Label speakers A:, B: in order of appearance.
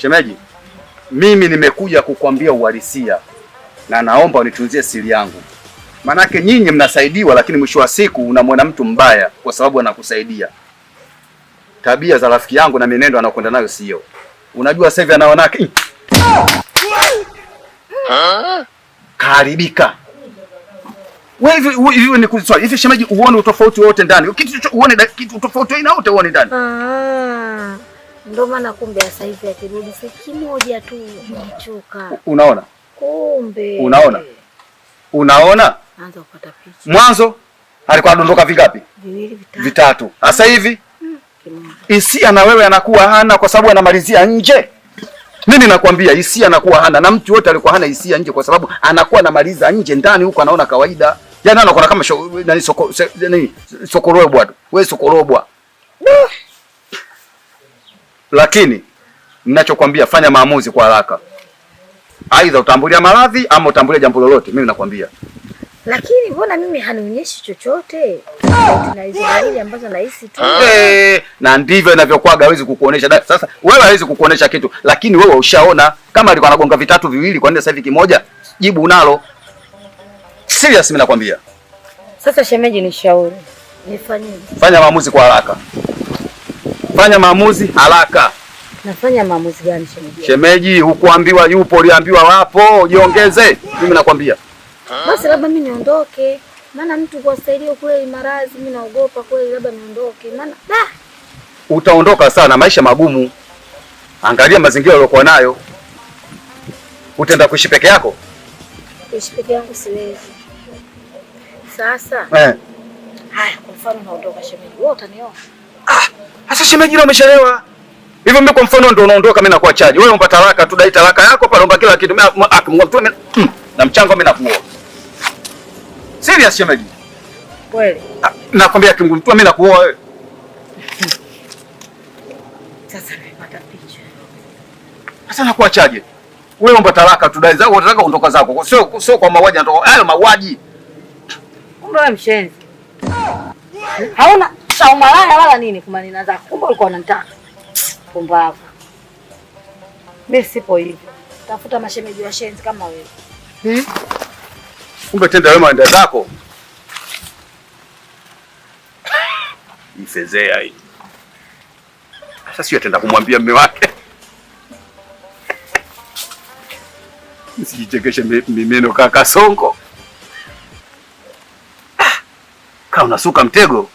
A: Shemeji, mimi nimekuja kukwambia uhalisia na naomba unitunzie siri yangu, maanake nyinyi mnasaidiwa, lakini mwisho wa siku unamwona mtu mbaya kwa sababu anakusaidia. Tabia za rafiki yangu na mienendo anakwenda nayo sio, unajua sasa hivi anaonake karibika Wewe ni hivi shemeji, uone utofauti wote ndani, kitu uone utofauti aina wote uone ndani. Ah.
B: Ndio maana kumbe sasa hivi akirudi kimoja tu unachoka. Unaona? Kumbe.
A: Unaona? Unaona? Anza kupata picha. Mwanzo alikuwa anadondoka vingapi? Viwili vitatu. Vitatu. Sasa hivi hmm, hisia na wewe anakuwa hana kwa sababu anamalizia nje. Mimi nakwambia hisia anakuwa hana na mtu yote alikuwa hana hisia nje kwa sababu anakuwa anamaliza nje ndani huko anaona kawaida. Yaani anakuwa kama nani soko nani sokorobwa. Wewe sokorobwa lakini ninachokwambia fanya maamuzi kwa haraka, aidha utambulia maradhi ama utambulia jambo lolote. Mimi nakwambia.
B: Lakini mbona mimi hanionyeshi chochote?
A: ambazo tu. Eh, na ndivyo inavyokuwa, hawezi kukuonesha. Sasa wewe hawezi kukuonesha kitu, lakini wewe ushaona kama alikuwa anagonga vitatu viwili, kwa nini sasa hivi kimoja? Jibu unalo. Serious mimi nakwambia.
B: Sasa shemeji, nishauri. nifanye.
A: Fanya maamuzi kwa haraka fanya maamuzi haraka.
B: Nafanya maamuzi gani shemeji?
A: Shemeji, hukuambiwa yupo, uliambiwa wapo, jiongeze. Mimi nakwambia
B: basi, labda mimi niondoke, maana mtu kwa stahili kule maradhi, mimi naogopa kule, labda niondoke, maana da,
A: utaondoka sana, maisha magumu. Angalia mazingira uliokuwa nayo, utaenda kuishi peke yako.
B: Kuishi peke yangu siwezi sasa eh. Haya, kwa mfano naondoka shemeji, wewe utanioa
A: sasa shemeji, leo umechelewa. Hivyo mimi kwa mfano ndio unaondoka mimi nakuwa chaji. Wewe umpa talaka tu, dai talaka yako pale, umpa kila kitu. Mimi akimwa mtu hmm, na mchango mimi nakuoa. Serious shemeji. Kweli. Ah, nakwambia kimungu mimi nakuoa wewe.
B: Sasa nimepata picha.
A: Sasa nakuwa chaji. Wewe umpa talaka tu, dai zako, unataka kuondoka zako. Sio sio kwa mauaji, anatoka hayo mauaji.
B: Kumbe wewe mshenzi. Hauna umalaya wala nini kumanina zako, kumbe ulikuwa unanitaka pumbavu. Mimi sipo hivyo, tafuta mashemeji wa shenzi kama wewe hmm?
A: Kumbe tenda wema nenda zako mfezea hii. Sasa sio atenda kumwambia mume wake Msijichekeshe mimeno kaka Songo, Ah, ka unasuka mtego